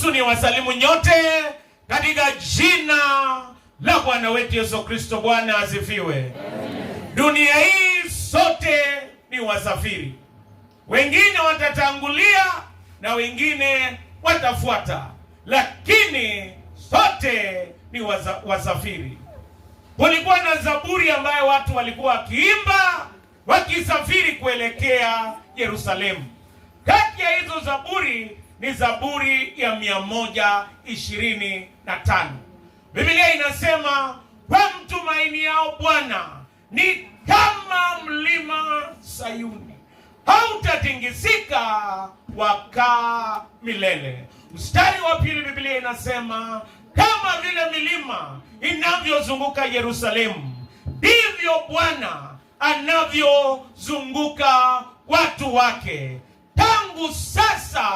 Niruhusu ni wasalimu nyote katika jina la Bwana wetu Yesu Kristo. Bwana asifiwe. Dunia hii sote ni wasafiri, wengine watatangulia na wengine watafuata, lakini sote ni waza, wasafiri. Kulikuwa na zaburi ambayo watu walikuwa wakiimba wakisafiri kuelekea Yerusalemu. Kati ya hizo zaburi ni Zaburi ya mia moja ishirini na tano. Biblia inasema yao Bwana ni kama mlima Sayuni, hautatingizika wakaa milele. Mstari wa pili, Biblia inasema kama vile milima inavyozunguka Yerusalemu, ndivyo Bwana anavyozunguka watu wake tangu sasa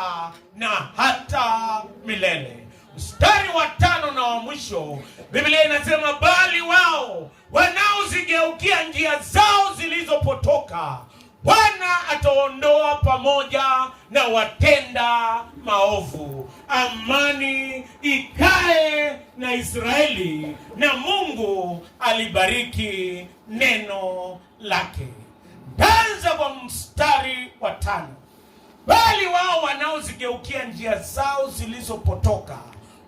na hata milele. Mstari wa tano na wa mwisho, Biblia inasema bali wao wanaozigeukia njia zao zilizopotoka Bwana ataondoa pamoja na watenda maovu. Amani ikae na Israeli, na Mungu alibariki neno lake. Tanza kwa mstari wa tano bali wao wanaozigeukia njia zao zilizopotoka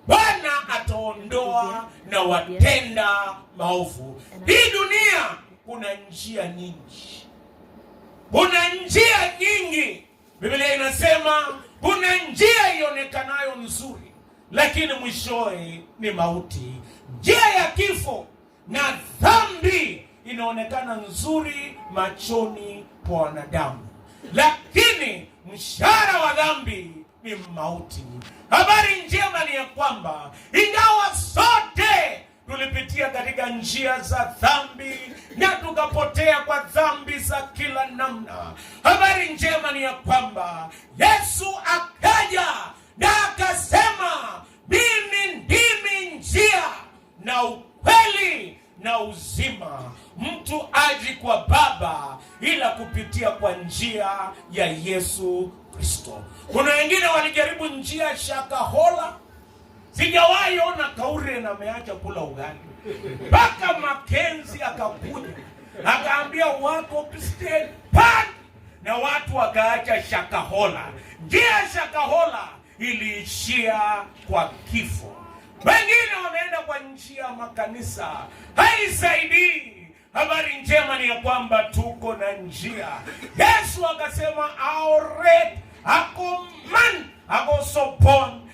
Bwana ataondoa na watenda maovu. Hii dunia kuna njia nyingi, kuna njia nyingi. Biblia inasema kuna njia ionekanayo nzuri, lakini mwishowe ni mauti. Njia ya kifo na dhambi inaonekana nzuri machoni kwa wanadamu lakini mshahara wa dhambi ni mauti. Habari njema ni ya kwamba ingawa sote tulipitia katika njia za dhambi na tukapotea kwa dhambi za kila namna, habari njema ni ya kwamba Yesu akaja na akasema lazima mtu aji kwa Baba ila kupitia kwa njia ya Yesu Kristo. Kuna wengine walijaribu njia shakahola, sijawahi ona kaure na ameacha kula ugali mpaka Makenzi akakuja akaambia wako Kristiani pan na watu wakaacha shakahola. Njia shakahola iliishia kwa kifo. Wengine wanaenda kwa njia ya makanisa, haisaidii. Habari njema ni ya kwamba tuko na njia. Yesu akasema aoret akoman akosopon